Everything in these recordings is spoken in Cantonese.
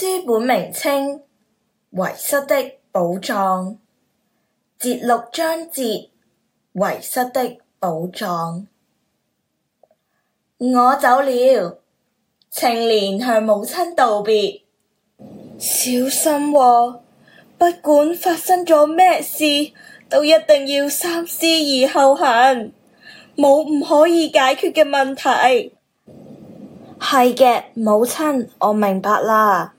書本名稱：遺失的寶藏。節錄章節：遺失的寶藏。我走了，青年向母親道別。小心喎，不管發生咗咩事，都一定要三思而後行。冇唔可以解決嘅問題。係嘅，母親，我明白啦。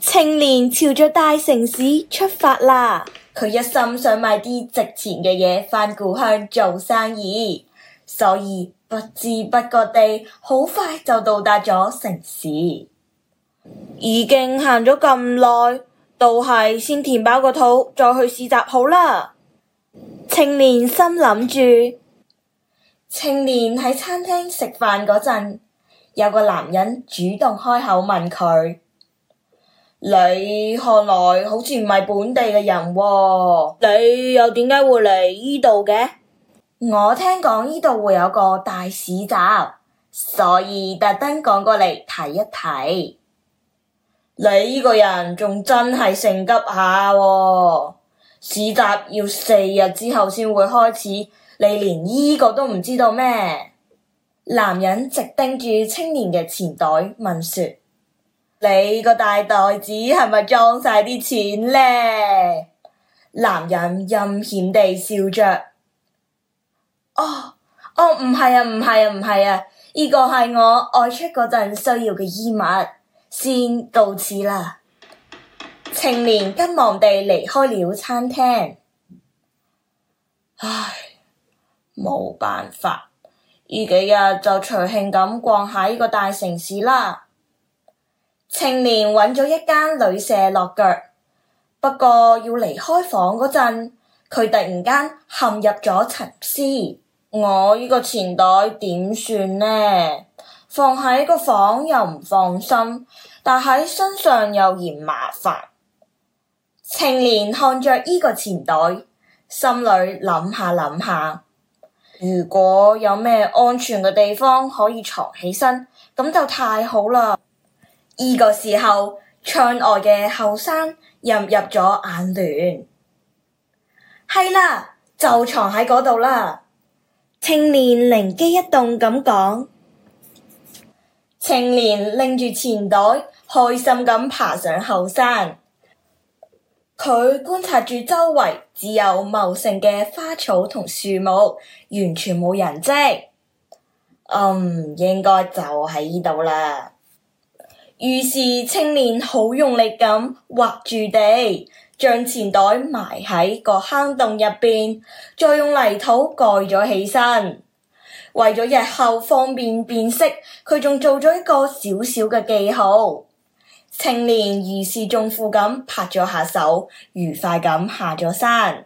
青年朝着大城市出發啦！佢一心想買啲值錢嘅嘢，返故鄉做生意，所以不知不覺地好快就到達咗城市。已經行咗咁耐，都係先填飽個肚再去市集好啦。青年心諗住，青年喺餐廳食飯嗰陣，有個男人主動開口問佢。你看來好似唔係本地嘅人喎，你又點解會嚟呢度嘅？我聽講呢度會有個大市集，所以特登趕過嚟睇一睇。你呢個人仲真係性急下喎，市集要四日之後先會開始，你連呢個都唔知道咩？男人直盯住青年嘅錢袋問說。你個大袋子係咪裝晒啲錢咧？男人陰險地笑着。哦哦，唔係啊，唔係啊，唔係啊，呢個係我外出嗰陣需要嘅衣物。先告辭啦。青年急忙地離開了餐廳。唉，冇辦法，呢幾日就隨興咁逛，逛下呢個大城市啦。青年揾咗一間旅舍落腳，不過要離開房嗰陣，佢突然間陷入咗沉思：我呢個錢袋點算呢？放喺個房又唔放心，但喺身上又嫌麻煩。青年看着呢個錢袋，心裏諗下諗下，如果有咩安全嘅地方可以藏起身，咁就太好啦。呢個時候，窗外嘅後山映入咗眼簾。係啦，就藏喺嗰度啦。青年靈機一動咁講。青年拎住錢袋，開心咁爬上後山。佢觀察住周圍，只有茂盛嘅花草同樹木，完全冇人跡。嗯，應該就喺呢度啦。於是青年好用力咁挖住地，將錢袋埋喺個坑洞入邊，再用泥土蓋咗起身。為咗日後方便辨識，佢仲做咗一個小小嘅記號。青年如釋重負咁拍咗下手，愉快咁下咗山，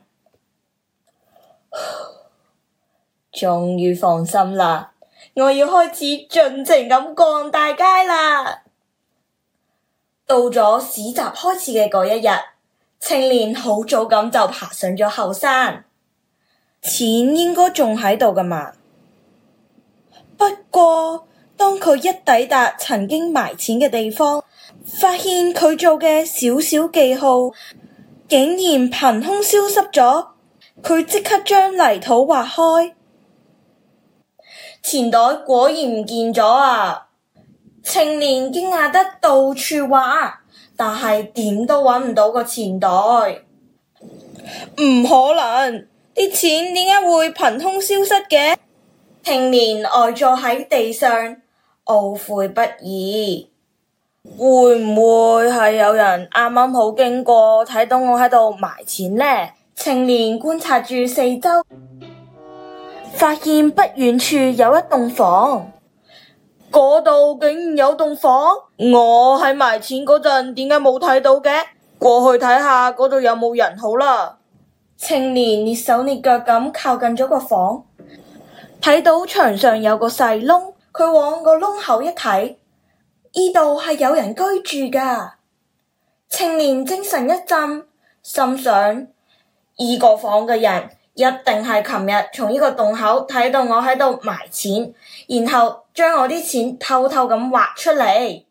終於放心啦！我要開始盡情咁逛大街啦！到咗市集開始嘅嗰一日，青年好早咁就爬上咗後山，錢應該仲喺度噶嘛？不過當佢一抵達曾經埋錢嘅地方，發現佢做嘅小小記號竟然憑空消失咗，佢即刻將泥土劃開，錢袋果然唔見咗啊！青年驚訝得到處畫，但係點都揾唔到個錢袋，唔可能啲錢點解會憑空消失嘅？青年呆坐喺地上，懊悔不已。會唔會係有人啱啱好經過，睇到我喺度埋錢呢？青年觀察住四周，發現不遠處有一棟房。嗰度竟然有棟房，我喺埋錢嗰陣點解冇睇到嘅？過去睇下嗰度有冇人好啦。青年躡手躡腳咁靠近咗個房，睇到牆上有個細窿，佢往個窿口一睇，呢度係有人居住噶。青年精神一振，心想：呢個房嘅人。一定係琴日從呢個洞口睇到我喺度埋錢，然後將我啲錢偷偷咁挖出嚟。